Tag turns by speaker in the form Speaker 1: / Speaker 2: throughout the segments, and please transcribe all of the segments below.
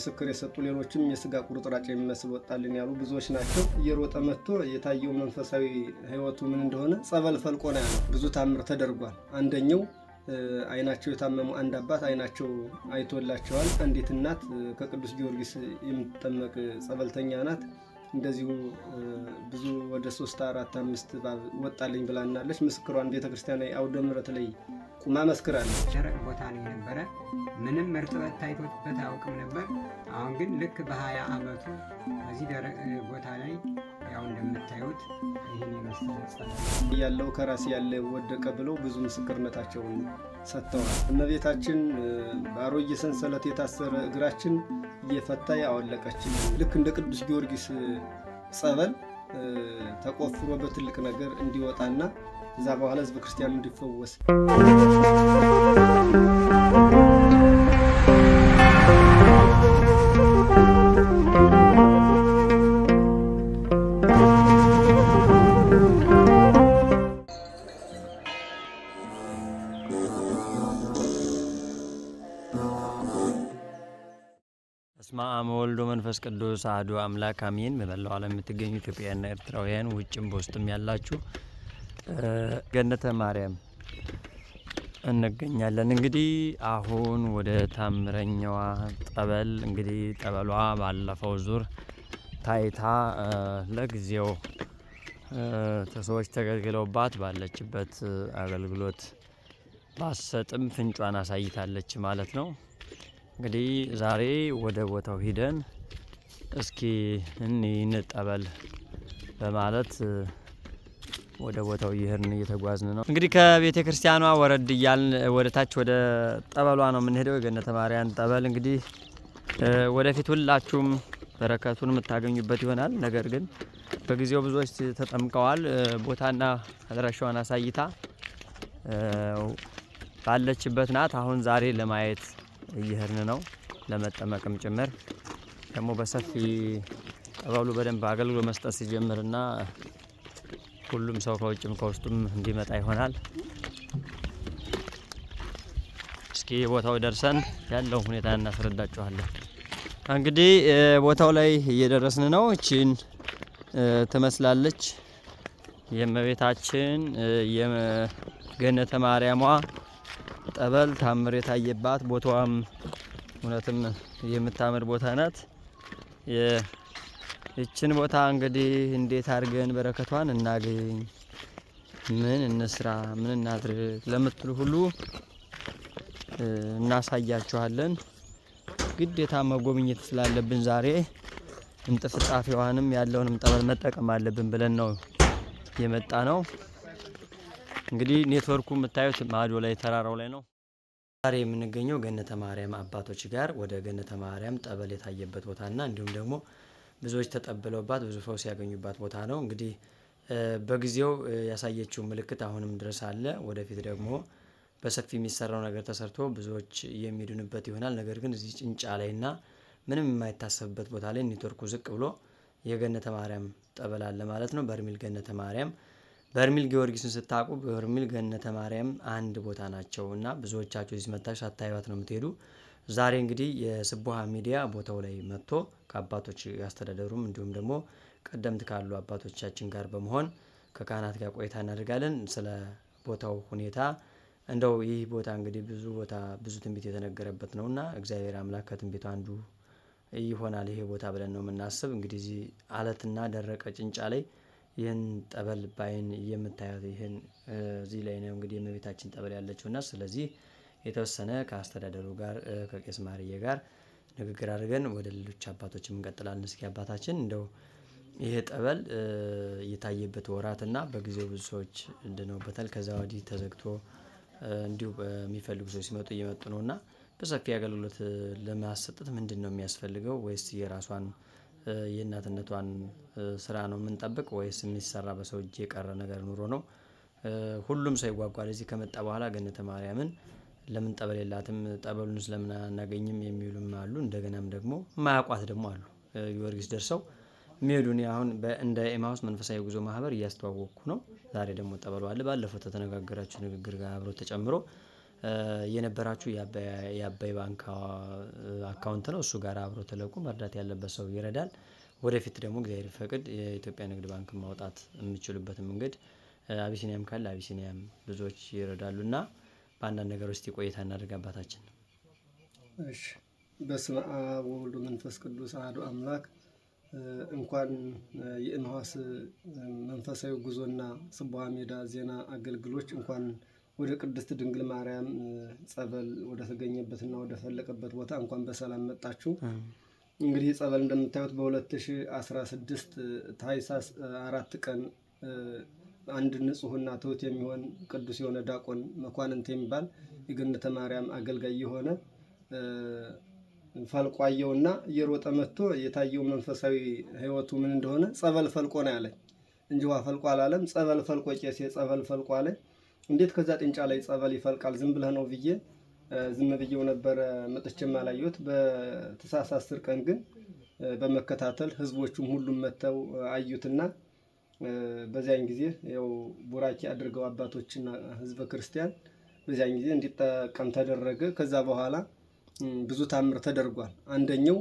Speaker 1: ምስክር የሰጡ ሌሎችም የስጋ ቁርጥራጭ የሚመስል ወጣልን ያሉ ብዙዎች ናቸው። እየሮጠ መጥቶ የታየው መንፈሳዊ ህይወቱ ምን እንደሆነ ጸበል ፈልቆ ነው ያለው። ብዙ ታምር ተደርጓል። አንደኛው አይናቸው የታመሙ አንድ አባት አይናቸው አይቶላቸዋል። አንዲት እናት ከቅዱስ ጊዮርጊስ የምትጠመቅ ጸበልተኛ ናት። እንደዚሁ ብዙ ወደ ሶስት አራት አምስት ወጣልኝ ብላናለች። ምስክሯን ቤተክርስቲያን አውደ ምሕረት ላይ ቁማ መስክራለሁ።
Speaker 2: ደረቅ ቦታ ነው የነበረ፣ ምንም እርጥበት ታይቶበት አያውቅም ነበር። አሁን ግን ልክ በሀያ አመቱ በዚህ ደረቅ ቦታ ላይ ያው እንደምታዩት ይህን የመሰለ
Speaker 1: ያለው ከራስ ያለ ወደቀ ብለው ብዙ ምስክርነታቸውን ሰጥተዋል። እመቤታችን በአሮጌ ሰንሰለት የታሰረ እግራችን እየፈታ ያወለቀችን ልክ እንደ ቅዱስ ጊዮርጊስ ጸበል ተቆፍሮ በትልቅ ነገር እንዲወጣና እዛ በኋላ ህዝበ ክርስቲያኑ እንዲፈወስ
Speaker 3: ወልዶ መንፈስ ቅዱስ አሐዱ አምላክ አሜን። በመላው ዓለም የምትገኙ ኢትዮጵያውያንና ኤርትራውያን ውጭም በውስጥም ያላችሁ ገነተ ማርያም እንገኛለን። እንግዲህ አሁን ወደ ታምረኛዋ ጠበል እንግዲህ ጠበሏ ባለፈው ዙር ታይታ ለጊዜው ተሰዎች ተገልግለውባት ባለችበት አገልግሎት ባሰጥም ፍንጯን አሳይታለች ማለት ነው። እንግዲህ ዛሬ ወደ ቦታው ሂደን እስኪ እኒህን ጠበል በማለት ወደ ቦታው እየሄድን እየተጓዝን ነው። እንግዲህ ከቤተ ክርስቲያኗ ወረድ እያልን ወደ ታች ወደ ጠበሏ ነው የምንሄደው፣ የገነተ ማርያን ጠበል። እንግዲህ ወደፊት ሁላችሁም በረከቱን የምታገኙበት ይሆናል። ነገር ግን በጊዜው ብዙዎች ተጠምቀዋል። ቦታና አድራሻዋን አሳይታ ባለችበት ናት። አሁን ዛሬ ለማየት እየሄድን ነው፣ ለመጠመቅም ጭምር ደግሞ በሰፊ ጠበሉ በደንብ አገልግሎ መስጠት ሲጀምርና ሁሉም ሰው ከውጭም ከውስጡም እንዲመጣ ይሆናል። እስኪ ቦታው ደርሰን ያለው ሁኔታ እናስረዳችኋለን። እንግዲህ ቦታው ላይ እየደረስን ነው። እቺን ትመስላለች የእመቤታችን የገነተ ማርያሟ ጠበል ታምር የታየባት ቦታዋም እውነትም የምታምር ቦታ ናት። ይችን ቦታ እንግዲህ እንዴት አድርገን በረከቷን እናገኝ፣ ምን እንስራ፣ ምን እናድርግ ለምትሉ ሁሉ እናሳያችኋለን። ግዴታ መጎብኘት ስላለብን ዛሬ እንጥፍጣፊዋንም ያለውንም ጠበል መጠቀም አለብን ብለን ነው የመጣ ነው። እንግዲህ ኔትወርኩ የምታዩት ማዶ ላይ ተራራው ላይ ነው። ዛሬ የምንገኘው ገነተ ማርያም አባቶች ጋር ወደ ገነተ ማርያም ጠበል የታየበት ቦታና እንዲሁም ደግሞ ብዙዎች ተጠብለውባት ብዙ ፈውስ ያገኙባት ቦታ ነው። እንግዲህ በጊዜው ያሳየችው ምልክት አሁንም ድረስ አለ። ወደፊት ደግሞ በሰፊ የሚሰራው ነገር ተሰርቶ ብዙዎች የሚድኑበት ይሆናል። ነገር ግን እዚህ ጭንጫ ላይና ምንም የማይታሰብበት ቦታ ላይ ኔትወርኩ ዝቅ ብሎ የገነተ ማርያም ጠበል አለ ማለት ነው። በርሜል ገነተ ማርያም በርሜል ጊዮርጊስን ስታውቁ በርሜል ገነተ ማርያም አንድ ቦታ ናቸው እና ብዙዎቻቸው እዚህ መታችሁ ሳታዩት ነው የምትሄዱ። ዛሬ እንግዲህ የስቡሀ ሚዲያ ቦታው ላይ መጥቶ ከአባቶች ያስተዳደሩም እንዲሁም ደግሞ ቀደምት ካሉ አባቶቻችን ጋር በመሆን ከካህናት ጋር ቆይታ እናደርጋለን ስለ ቦታው ሁኔታ። እንደው ይህ ቦታ እንግዲህ ብዙ ቦታ ብዙ ትንቢት የተነገረበት ነው እና እግዚአብሔር አምላክ ከትንቢቱ አንዱ ይሆናል ይሄ ቦታ ብለን ነው የምናስብ። እንግዲህ እዚህ አለትና ደረቀ ጭንጫ ላይ ይህን ጠበል ባይን የምታያት ይህን እዚህ ላይ ነው እንግዲህ የእመቤታችን ጠበል ያለችውና ስለዚህ የተወሰነ ከአስተዳደሩ ጋር ከቄስ ማርዬ ጋር ንግግር አድርገን ወደ ሌሎች አባቶች እንቀጥላለን። እስኪ አባታችን እንደው ይሄ ጠበል የታየበት ወራትና በጊዜው ብዙ ሰዎች እንድነውበታል። ከዛ ወዲህ ተዘግቶ እንዲሁ የሚፈልጉ ሰዎች ሲመጡ እየመጡ ነው እና በሰፊ አገልግሎት ለማሰጠት ምንድን ነው የሚያስፈልገው? ወይስ የራሷን የእናትነቷን ስራ ነው የምንጠብቅ? ወይስ የሚሰራ በሰው እጅ የቀረ ነገር ኑሮ ነው? ሁሉም ሰው ይጓጓል። እዚህ ከመጣ በኋላ ገነተ ማርያምን ለምን ጠበል የላትም ጠበሉን ስለምን አናገኝም የሚሉም አሉ። እንደገናም ደግሞ ማያቋት ደግሞ አሉ። ጊዮርጊስ ደርሰው የሚሄዱን አሁን እንደ ኤማውስ መንፈሳዊ ጉዞ ማህበር እያስተዋወቅኩ ነው። ዛሬ ደግሞ ጠበሉ አለ። ባለፈው ተተነጋገራችሁ ንግግር ጋር አብሮ ተጨምሮ የነበራችሁ የአባይ ባንክ አካውንት ነው። እሱ ጋር አብሮ ተለቁ። መርዳት ያለበት ሰው ይረዳል። ወደፊት ደግሞ እግዚአብሔር ፈቅድ የኢትዮጵያ ንግድ ባንክ ማውጣት የምችሉበትን መንገድ አቢሲኒያም ካለ አቢሲኒያም ብዙዎች ይረዳሉ እና በአንዳንድ ነገር ውስጥ ቆይታ እናድርግ። አባታችን
Speaker 1: እሺ። በስመ አብ ወወልድ መንፈስ ቅዱስ አሐዱ አምላክ። እንኳን የእንኋስ መንፈሳዊ ጉዞና ጽባዋ ሜዳ ዜና አገልግሎች እንኳን ወደ ቅድስት ድንግል ማርያም ጸበል ወደ ተገኘበትና ወደ ፈለቀበት ቦታ እንኳን በሰላም መጣችሁ። እንግዲህ ጸበል እንደምታዩት በ2016 ታኅሳስ አራት ቀን አንድ ንጹህና ተውት የሚሆን ቅዱስ የሆነ ዳቆን መኳንንት የሚባል የገነተ ማርያም አገልጋይ የሆነ ፈልቋየውና እየሮጠ መጥቶ የታየው መንፈሳዊ ህይወቱ ምን እንደሆነ ጸበል ፈልቆ ነው ያለኝ እንጂ ውሃ ፈልቆ አላለም። ጸበል ፈልቆ ቄሴ ጸበል ፈልቆ አለ። እንዴት ከዛ ጥንጫ ላይ ጸበል ይፈልቃል? ዝም ብለህ ነው ብዬ ዝም ብዬው ነበረ። መጥቼም አላየሁት። በተሳሳት አስር ቀን ግን በመከታተል ህዝቦቹም ሁሉም መጥተው አዩትና በዚያን ጊዜ ያው ቡራኪ አድርገው አባቶችና ህዝበ ክርስቲያን በዚያን ጊዜ እንዲጠቀም ተደረገ። ከዛ በኋላ ብዙ ታምር ተደርጓል። አንደኛው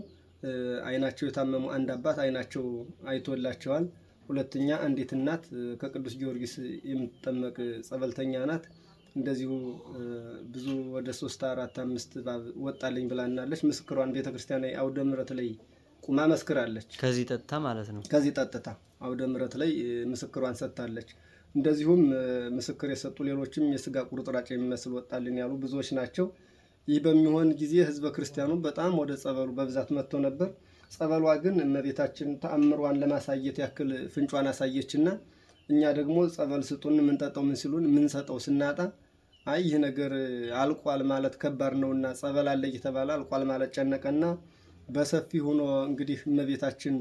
Speaker 1: አይናቸው የታመሙ አንድ አባት አይናቸው አይቶላቸዋል። ሁለተኛ አንዲት እናት ከቅዱስ ጊዮርጊስ የምትጠመቅ ጸበልተኛ ናት። እንደዚሁ ብዙ ወደ ሶስት አራት አምስት እባብ ወጣልኝ ብላናለች። ምስክሯን ቤተክርስቲያን አውደ ምረት ላይ ቁማ መስክራለች።
Speaker 3: ከዚህ ጠጥታ ማለት ነው።
Speaker 1: ከዚህ ጠጥታ አውደ ምረት ላይ ምስክሯን ሰጥታለች። እንደዚሁም ምስክር የሰጡ ሌሎችም የስጋ ቁርጥራጭ የሚመስል ወጣልን ያሉ ብዙዎች ናቸው። ይህ በሚሆን ጊዜ ህዝበ ክርስቲያኑ በጣም ወደ ጸበሉ በብዛት መጥቶ ነበር። ጸበሏ ግን እመቤታችን ተአምሯን ለማሳየት ያክል ፍንጯን አሳየችና እኛ ደግሞ ጸበል ስጡን ምንጠጣው ምን ሲሉን ምንሰጠው ስናጣ አይ ይህ ነገር አልቋል ማለት ከባድ ነውና ጸበል አለ እየተባለ አልቋል ማለት ጨነቀና በሰፊ ሆኖ እንግዲህ እመቤታችን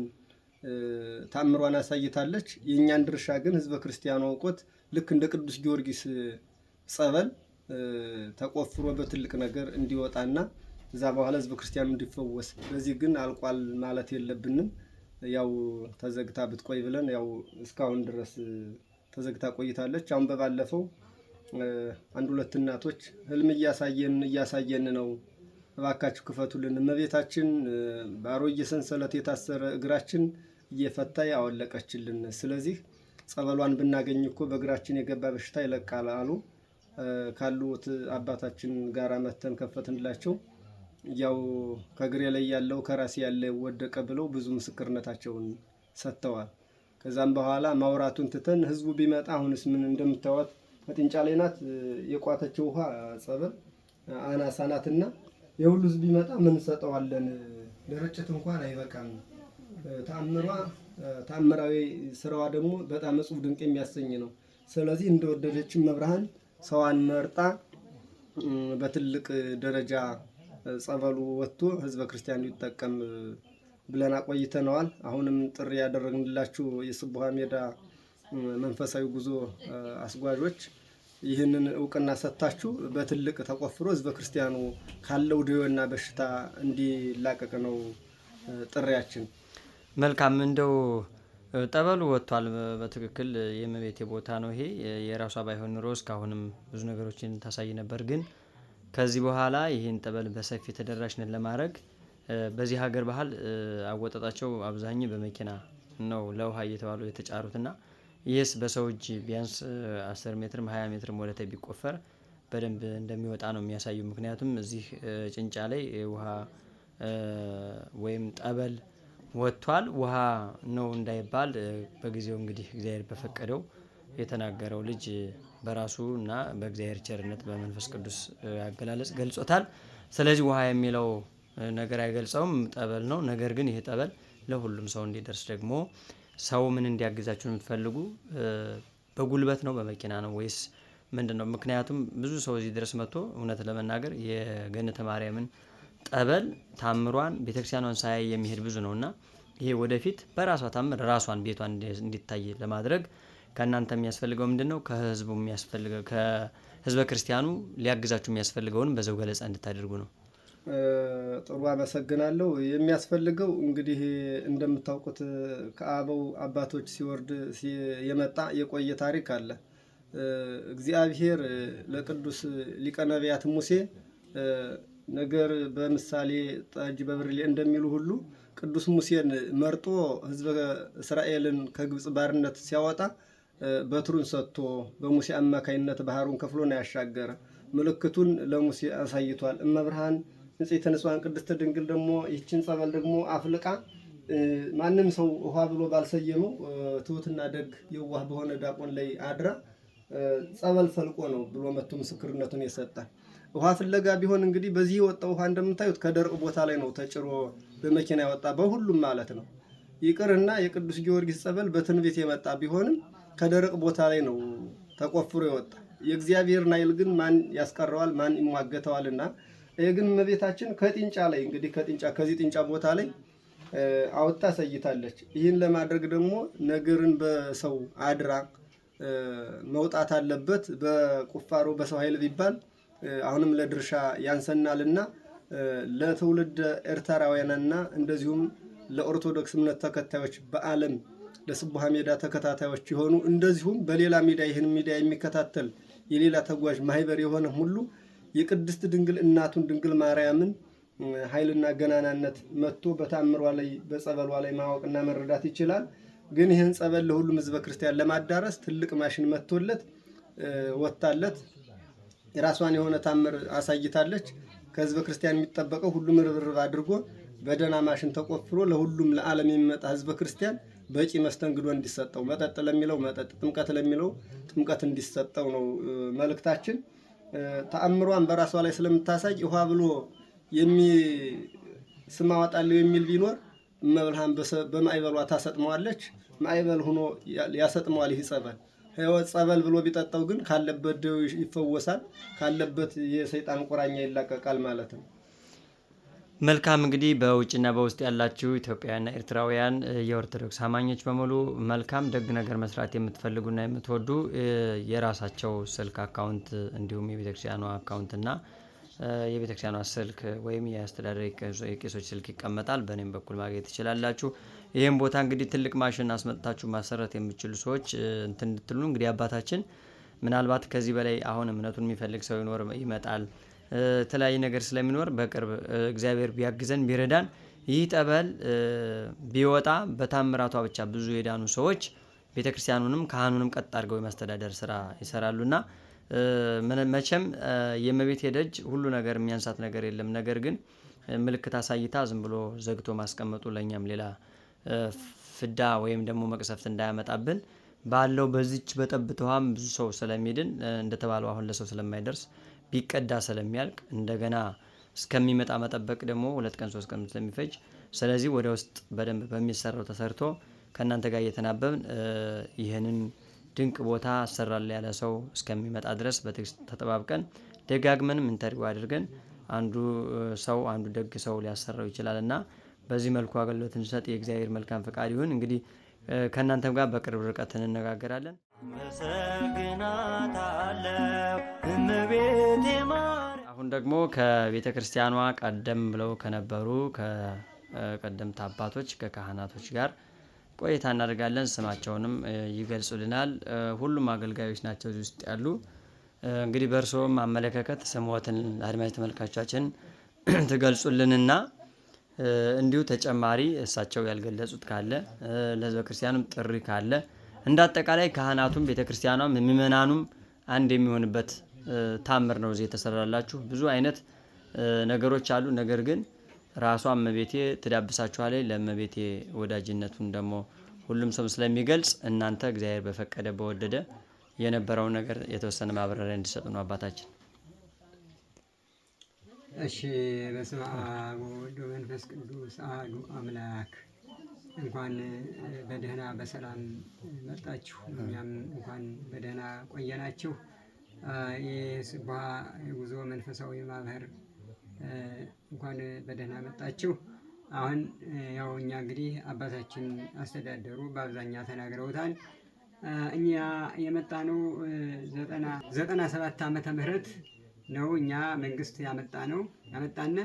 Speaker 1: ታምሯን አሳይታለች። የእኛን ድርሻ ግን ህዝበ ክርስቲያኑ አውቆት ልክ እንደ ቅዱስ ጊዮርጊስ ጸበል ተቆፍሮ በትልቅ ነገር እንዲወጣና እዛ በኋላ ህዝበ ክርስቲያኑ እንዲፈወስ፣ በዚህ ግን አልቋል ማለት የለብንም። ያው ተዘግታ ብትቆይ ብለን ያው እስካሁን ድረስ ተዘግታ ቆይታለች። አሁን በባለፈው አንድ ሁለት እናቶች ህልም እያሳየን እያሳየን ነው እባካችሁ ክፈቱልን። እመቤታችን በአሮጌ ሰንሰለት የታሰረ እግራችን እየፈታ ያወለቀችልን። ስለዚህ ጸበሏን ብናገኝ እኮ በእግራችን የገባ በሽታ ይለቃል አሉ። ካሉት አባታችን ጋር መተን ከፈትንላቸው። ያው ከእግሬ ላይ ያለው ከራሴ ያለ ወደቀ ብለው ብዙ ምስክርነታቸውን ሰጥተዋል። ከዛም በኋላ ማውራቱን ትተን ህዝቡ ቢመጣ አሁንስ ምን እንደምታዩት ከጥንጫ ላይ ናት የቋተችው ውሃ ጸበል አናሳ ናትና የሁሉ ህዝብ ቢመጣ ምን እንሰጠዋለን? ድርጭት እንኳን አይበቃም። ታምሯ ታምራዊ ስራዋ ደግሞ በጣም እጹብ ድንቅ የሚያሰኝ ነው። ስለዚህ እንደወደደችም መብርሃን ሰዋን መርጣ በትልቅ ደረጃ ጸበሉ ወጥቶ ህዝበ ክርስቲያን ይጠቀም ብለን አቆይተነዋል። አሁንም ጥሪ ያደረግንላችሁ የስቡሀ ሜዳ መንፈሳዊ ጉዞ አስጓዦች ይህንን እውቅና ሰጥታችሁ በትልቅ ተቆፍሮ ህዝበ ክርስቲያኑ ካለው ደዌና በሽታ እንዲላቀቅ ነው ጥሪያችን።
Speaker 3: መልካም እንደው ጠበሉ ወጥቷል። በትክክል የእመቤቴ ቦታ ነው ይሄ። የራሷ ባይሆን ኑሮ እስካሁንም ብዙ ነገሮችን ታሳይ ነበር። ግን ከዚህ በኋላ ይህን ጠበል በሰፊ ተደራሽነት ለማድረግ በዚህ ሀገር ባህል አወጣጣቸው አብዛኛው በመኪና ነው ለውሃ እየተባሉ የተጫሩትና ይህስ በሰው እጅ ቢያንስ አስር ሜትርም 20 ሜትርም ወደተ ቢቆፈር በደንብ እንደሚወጣ ነው የሚያሳዩ። ምክንያቱም እዚህ ጭንጫ ላይ ውሃ ወይም ጠበል ወጥቷል። ውሃ ነው እንዳይባል በጊዜው እንግዲህ እግዚአብሔር በፈቀደው የተናገረው ልጅ በራሱ እና በእግዚአብሔር ቸርነት በመንፈስ ቅዱስ አገላለጽ ገልጾታል። ስለዚህ ውሃ የሚለው ነገር አይገልጸውም፣ ጠበል ነው። ነገር ግን ይሄ ጠበል ለሁሉም ሰው እንዲደርስ ደግሞ ሰው ምን እንዲያግዛችሁ የምትፈልጉ? በጉልበት ነው በመኪና ነው ወይስ ምንድን ነው? ምክንያቱም ብዙ ሰው እዚህ ድረስ መጥቶ እውነት ለመናገር የገነተ ማርያምን ጠበል ታምሯን ቤተክርስቲያኗን ሳያይ የሚሄድ ብዙ ነው እና ይሄ ወደፊት በራሷ ታምር ራሷን ቤቷን እንዲታይ ለማድረግ ከእናንተ የሚያስፈልገው ምንድን ነው? ከህዝቡ የሚያስፈልገው ከህዝበ ክርስቲያኑ ሊያግዛችሁ የሚያስፈልገውን በዘው ገለጻ እንድታደርጉ ነው።
Speaker 1: ጥሩ አመሰግናለሁ። የሚያስፈልገው እንግዲህ እንደምታውቁት ከአበው አባቶች ሲወርድ የመጣ የቆየ ታሪክ አለ። እግዚአብሔር ለቅዱስ ሊቀ ነቢያት ሙሴ ነገር በምሳሌ ጠጅ በብርሌ እንደሚሉ ሁሉ ቅዱስ ሙሴን መርጦ ሕዝበ እስራኤልን ከግብፅ ባርነት ሲያወጣ በትሩን ሰጥቶ በሙሴ አማካኝነት ባህሩን ከፍሎን ያሻገረ። ምልክቱን ለሙሴ አሳይቷል። እመብርሃን ንጽሕተ ንጹሐን ቅድስት ድንግል ደግሞ ይችን ጸበል ደግሞ አፍልቃ ማንም ሰው ውሃ ብሎ ባልሰየመው ትውትና ደግ የዋህ በሆነ ዲያቆን ላይ አድራ ጸበል ፈልቆ ነው ብሎ መቶ ምስክርነቱን የሰጠ ውሃ ፍለጋ ቢሆን እንግዲህ በዚህ የወጣ ውሃ እንደምታዩት ከደረቅ ቦታ ላይ ነው ተጭሮ በመኪና ያወጣ በሁሉም ማለት ነው። ይቅርና የቅዱስ ጊዮርጊስ ጸበል በትንቢት የመጣ ቢሆንም ከደረቅ ቦታ ላይ ነው ተቆፍሮ የወጣ። የእግዚአብሔር ናይል ግን ማን ያስቀረዋል? ማን ይሟገተዋልና ይህ ግን እመቤታችን ከጥንጫ ላይ እንግዲህ ከጥንጫ ከዚህ ጥንጫ ቦታ ላይ አውጣ ሰይታለች። ይህን ለማድረግ ደግሞ ነገርን በሰው አድራ መውጣት አለበት። በቁፋሮ በሰው ኃይል ቢባል አሁንም ለድርሻ ያንሰናልና ለትውልድ ኤርትራውያንና እንደዚሁም ለኦርቶዶክስ እምነት ተከታዮች በዓለም ለስቡሀ ሜዳ ተከታታዮች የሆኑ እንደዚሁም በሌላ ሚዲያ ይህን ሚዲያ የሚከታተል የሌላ ተጓዥ ማህበር የሆነ ሁሉ የቅድስት ድንግል እናቱን ድንግል ማርያምን ኃይልና ገናናነት መጥቶ በታምሯ ላይ በጸበሏ ላይ ማወቅና መረዳት ይችላል። ግን ይህን ጸበል ለሁሉም ህዝበ ክርስቲያን ለማዳረስ ትልቅ ማሽን መጥቶለት ወጥታለት የራሷን የሆነ ታምር አሳይታለች። ከህዝበ ክርስቲያን የሚጠበቀው ሁሉም ርብርብ አድርጎ በደህና ማሽን ተቆፍሮ ለሁሉም ለዓለም የሚመጣ ህዝበ ክርስቲያን በቂ መስተንግዶ እንዲሰጠው፣ መጠጥ ለሚለው መጠጥ፣ ጥምቀት ለሚለው ጥምቀት እንዲሰጠው ነው መልእክታችን። ተአምሯን በራሷ ላይ ስለምታሳይ ውሃ ብሎ ስም አወጣለሁ የሚል ቢኖር እመብርሃን በማዕበሏ ታሰጥመዋለች። ማይበል ሆኖ ያሰጥመዋል። ይህ ጸበል ሕይወት ጸበል ብሎ ቢጠጣው ግን ካለበት ደዌ ይፈወሳል፣ ካለበት የሰይጣን ቁራኛ ይላቀቃል ማለት ነው።
Speaker 3: መልካም እንግዲህ በውጭና በውስጥ ያላችሁ ኢትዮጵያውያንና ኤርትራውያን የኦርቶዶክስ አማኞች በሙሉ መልካም ደግ ነገር መስራት የምትፈልጉና የምትወዱ የራሳቸው ስልክ አካውንት እንዲሁም የቤተክርስቲያኗ አካውንትና የቤተክርስቲያኗ ስልክ ወይም የአስተዳደር የቄሶች ስልክ ይቀመጣል። በእኔም በኩል ማግኘት ትችላላችሁ። ይህም ቦታ እንግዲህ ትልቅ ማሽን አስመጥታችሁ ማሰረት የምችሉ ሰዎች እንትን እንድትሉ እንግዲህ አባታችን ምናልባት ከዚህ በላይ አሁን እምነቱን የሚፈልግ ሰው ይኖር ይመጣል የተለያየ ነገር ስለሚኖር በቅርብ እግዚአብሔር ቢያግዘን ቢረዳን ይህ ጠበል ቢወጣ በታምራቷ ብቻ ብዙ የዳኑ ሰዎች ቤተ ክርስቲያኑንም ካህኑንም ቀጥ አድርገው የማስተዳደር ስራ ይሰራሉና መቼም የመቤት ሄደጅ ሁሉ ነገር የሚያንሳት ነገር የለም። ነገር ግን ምልክት አሳይታ ዝም ብሎ ዘግቶ ማስቀመጡ ለእኛም ሌላ ፍዳ ወይም ደግሞ መቅሰፍት እንዳያመጣብን ባለው በዚች በጠብታዋም ብዙ ሰው ስለሚድን እንደተባለው አሁን ለሰው ስለማይደርስ ቢቀዳ ስለሚያልቅ እንደገና እስከሚመጣ መጠበቅ ደግሞ ሁለት ቀን ሶስት ቀን ስለሚፈጅ ስለዚህ ወደ ውስጥ በደንብ በሚሰራው ተሰርቶ ከእናንተ ጋር እየተናበብን ይህንን ድንቅ ቦታ አሰራለ ያለ ሰው እስከሚመጣ ድረስ በትዕግስት ተጠባብቀን ደጋግመንም ኢንተርቪው አድርገን አንዱ ሰው አንዱ ደግ ሰው ሊያሰራው ይችላል እና በዚህ መልኩ አገልግሎት እንድንሰጥ የእግዚአብሔር መልካም ፈቃድ ይሁን። እንግዲህ ከእናንተም ጋር በቅርብ ርቀት እንነጋገራለን። አሁን ደግሞ ከቤተ ክርስቲያኗ ቀደም ብለው ከነበሩ ከቀደምት አባቶች ከካህናቶች ጋር ቆይታ እናደርጋለን። ስማቸውንም ይገልጹልናል። ሁሉም አገልጋዮች ናቸው እዚህ ውስጥ ያሉ። እንግዲህ በእርስዎም አመለካከት ስምዎትን አድማጭ ተመልካቻችን ትገልጹልንና እንዲሁ ተጨማሪ እሳቸው ያልገለጹት ካለ ለህዝበ ክርስቲያኑም ጥሪ ካለ እንደ አጠቃላይ ካህናቱም ቤተ ክርስቲያኗም ምእመናኑም አንድ የሚሆንበት ታምር ነው እዚህ የተሰራላችሁ። ብዙ አይነት ነገሮች አሉ። ነገር ግን ራሷ እመቤቴ ትዳብሳችኋለች። ለእመቤቴ ወዳጅነቱን ደግሞ ሁሉም ሰው ስለሚገልጽ እናንተ እግዚአብሔር በፈቀደ በወደደ የነበረውን ነገር የተወሰነ ማብራሪያ እንዲሰጡ ነው አባታችን።
Speaker 2: እሺ፣ በስመ አብ ወወልድ ወመንፈስ ቅዱስ አሐዱ አምላክ እንኳን በደህና በሰላም መጣችሁ፣ እኛም እንኳን በደህና ቆየናችሁ። የስቡሀ ጉዞ መንፈሳዊ ማህበር እንኳን በደህና መጣችሁ። አሁን ያው እኛ እንግዲህ አባታችን አስተዳደሩ በአብዛኛው ተናግረውታል። እኛ የመጣ ነው ዘጠና ሰባት ዓመተ ምህረት ነው። እኛ መንግስት ያመጣ ነው ያመጣነ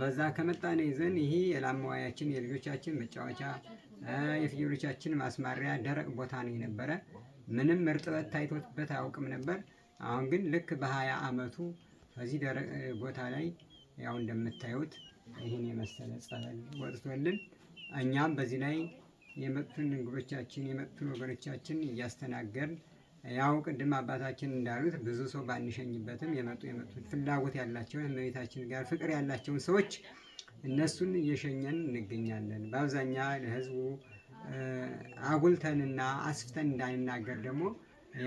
Speaker 2: በዛ ከመጣን ይዘን ይሄ የላማዋያችን የልጆቻችን መጫወቻ የፍየሎቻችን ማስማሪያ ደረቅ ቦታ ነው የነበረ። ምንም እርጥበት ታይቶበት አያውቅም ነበር። አሁን ግን ልክ በሀያ አመቱ በዚህ ደረቅ ቦታ ላይ ያው እንደምታዩት ይህን የመሰለ ጸበል ወጥቶልን እኛም በዚህ ላይ የመጡትን እንግዶቻችን የመጡትን ወገኖቻችን እያስተናገርን ያው ቅድም አባታችን እንዳሉት ብዙ ሰው ባንሸኝበትም የመጡ የመጡ ፍላጎት ያላቸውን እመቤታችን ጋር ፍቅር ያላቸውን ሰዎች እነሱን እየሸኘን እንገኛለን። በአብዛኛ ለህዝቡ አጉልተንና አስፍተን እንዳንናገር ደግሞ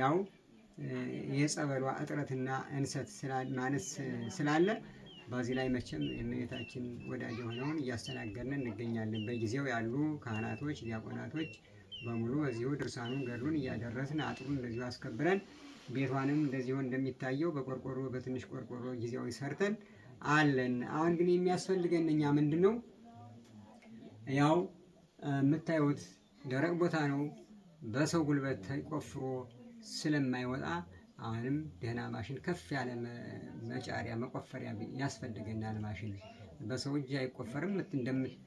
Speaker 2: ያው የጸበሏ እጥረትና እንሰት ማነስ ስላለ በዚህ ላይ መቼም የእመቤታችን ወዳጅ የሆነውን እያስተናገርን እንገኛለን። በጊዜው ያሉ ካህናቶች፣ ዲያቆናቶች በሙሉ በዚሁ ድርሳኑን ገድሉን እያደረስን አጥሩን እንደዚሁ አስከብረን ቤቷንም እንደዚሁ እንደሚታየው በቆርቆሮ በትንሽ ቆርቆሮ ጊዜያዊ ሰርተን አለን። አሁን ግን የሚያስፈልገን እኛ ምንድን ነው? ያው የምታዩት ደረቅ ቦታ ነው። በሰው ጉልበት ተቆፍሮ ስለማይወጣ አሁንም ደህና ማሽን፣ ከፍ ያለ መጫሪያ መቆፈሪያ ያስፈልገናል። ማሽን በሰው እጅ አይቆፈርም።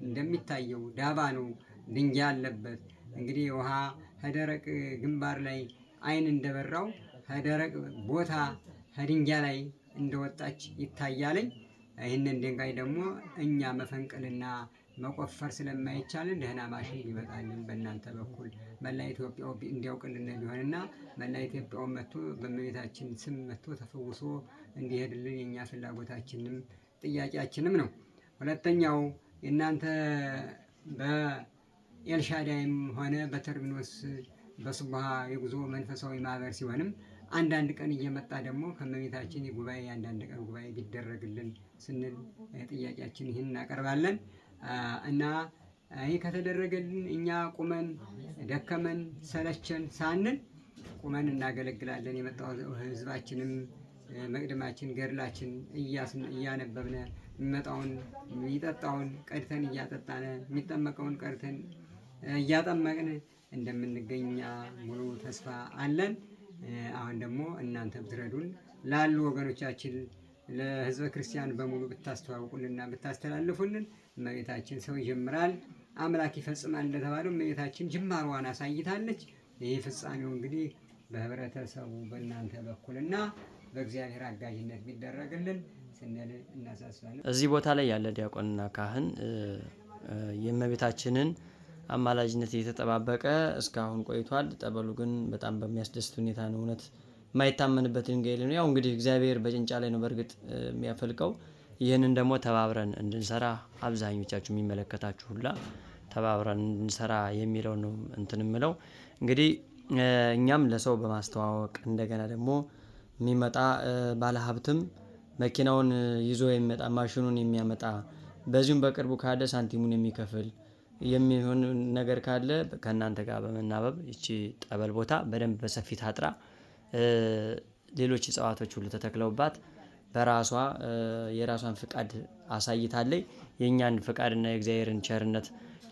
Speaker 2: እንደሚታየው ዳባ ነው፣ ድንጋይ አለበት። እንግዲህ ውሃ ከደረቅ ግንባር ላይ አይን እንደበራው ከደረቅ ቦታ ከድንጋይ ላይ እንደወጣች ይታያለኝ። ይህንን ድንጋይ ደግሞ እኛ መፈንቅልና መቆፈር ስለማይቻልን ደህና ማሽን ይመጣልን በእናንተ በኩል መላ ኢትዮጵያው እንዲያውቅልን ቢሆንና መላ ኢትዮጵያው መጥቶ በእመቤታችን ስም መጥቶ ተፈውሶ እንዲሄድልን የእኛ ፍላጎታችንም ጥያቄያችንም ነው። ሁለተኛው የእናንተ በ ኤልሻዳይም ሆነ በተርሚኖስ በስቡሃ የጉዞ መንፈሳዊ ማህበር ሲሆንም አንዳንድ ቀን እየመጣ ደግሞ ከመቤታችን የጉባኤ አንዳንድ ቀን ጉባኤ ቢደረግልን ስንል ጥያቄያችን ይህን እናቀርባለን እና ይህ ከተደረገልን እኛ ቁመን ደከመን ሰለቸን ሳንል ቁመን እናገለግላለን። የመጣው ህዝባችንም መቅድማችን ገድላችን እያነበብነ የሚመጣውን የሚጠጣውን ቀድተን እያጠጣነ የሚጠመቀውን ቀድተን እያጠመቅን እንደምንገኝ ሙሉ ተስፋ አለን። አሁን ደግሞ እናንተ ብትረዱን ላሉ ወገኖቻችን ለህዝበ ክርስቲያን በሙሉ ብታስተዋውቁንና ብታስተላልፉልን እመቤታችን ሰው ይጀምራል አምላክ ይፈጽማል እንደተባለው እመቤታችን ጅማሯን አሳይታለች። ይህ ፍጻሜው እንግዲህ በህብረተሰቡ በእናንተ በኩልና በእግዚአብሔር አጋዥነት ቢደረግልን ስንል እናሳስባለን።
Speaker 3: እዚህ ቦታ ላይ ያለ ዲያቆንና ካህን የእመቤታችንን አማላጅነት እየተጠባበቀ እስካሁን ቆይቷል። ጠበሉ ግን በጣም በሚያስደስት ሁኔታ ነው። እውነት የማይታመንበት ድንጋይ ነው። ያው እንግዲህ እግዚአብሔር በጭንጫ ላይ ነው በእርግጥ የሚያፈልቀው። ይህንን ደግሞ ተባብረን እንድንሰራ አብዛኞቻችሁ የሚመለከታችሁ ሁላ ተባብረን እንድንሰራ የሚለው ነው እንትን ምለው እንግዲህ እኛም ለሰው በማስተዋወቅ እንደገና ደግሞ የሚመጣ ባለሀብትም መኪናውን ይዞ የሚመጣ ማሽኑን የሚያመጣ በዚሁም በቅርቡ ካደ ሳንቲሙን የሚከፍል የሚሆን ነገር ካለ ከእናንተ ጋር በመናበብ ይቺ ጠበል ቦታ በደንብ በሰፊ ታጥራ ሌሎች እጽዋቶች ሁሉ ተተክለውባት በራሷ የራሷን ፍቃድ አሳይታለይ የእኛን ፍቃድና የእግዚአብሔርን ቸርነት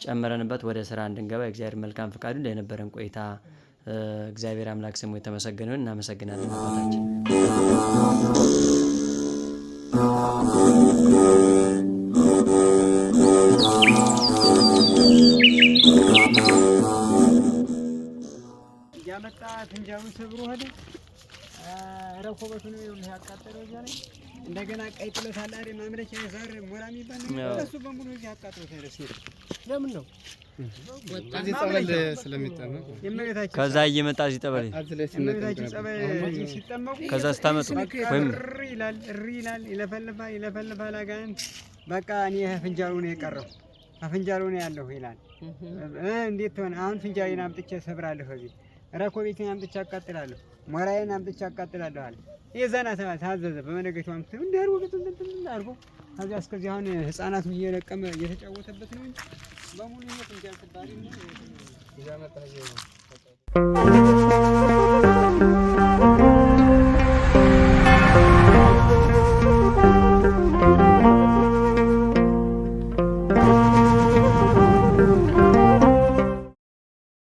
Speaker 3: ጨምረንበት ወደ ስራ እንድንገባ የእግዚአብሔር መልካም ፍቃዱን ለነበረን ቆይታ እግዚአብሔር አምላክ ስሙ የተመሰገነውን እናመሰግናለን አባታችን። ትንጃውን ሰብሮ ሄደ። ረኮበቱን ነው ያቃጠለው እዚያ ላይ እንደገና ቀይ ጥለት አለ አይደል? ማምለኪያ ዛር ሞራ የሚባል እሱ በሙሉ እዚህ አቃጥሎት ሄደ። ለምን ነው ከዚህ ጸበል ስለሚጠመቁ ከዛ እየመጣ እዚህ ጠበል ሲጠመቁ ከዛ ስታመጡ ወይም ይላል እሪ ይላል ይለፈልፋ ይለፈልፋ ላጋን በቃ እኔ ፍንጃሉ ነው የቀረው ፍንጃሉ ነው ያለሁ ይላል። እንዴት ሆነ አሁን ፍንጃሌን አምጥቼ ሰብራለሁ እዚህ ረኮቤትን አምጥቼ አቃጥላለሁ፣ ሞራዬን አምጥቼ አቃጥላለሁ አለ። የዛና ሰባ ታዘዘ። በመነገቻው አምጥቶ እንደ አርጎ ግጥም አርጎ ከዚያ እስከዚህ አሁን ህፃናቱ እየለቀመ እየተጫወተበት ነው እንጂ በሙሉ ህይወት እንዲያስባሪ ነው ይዛመጣ ነው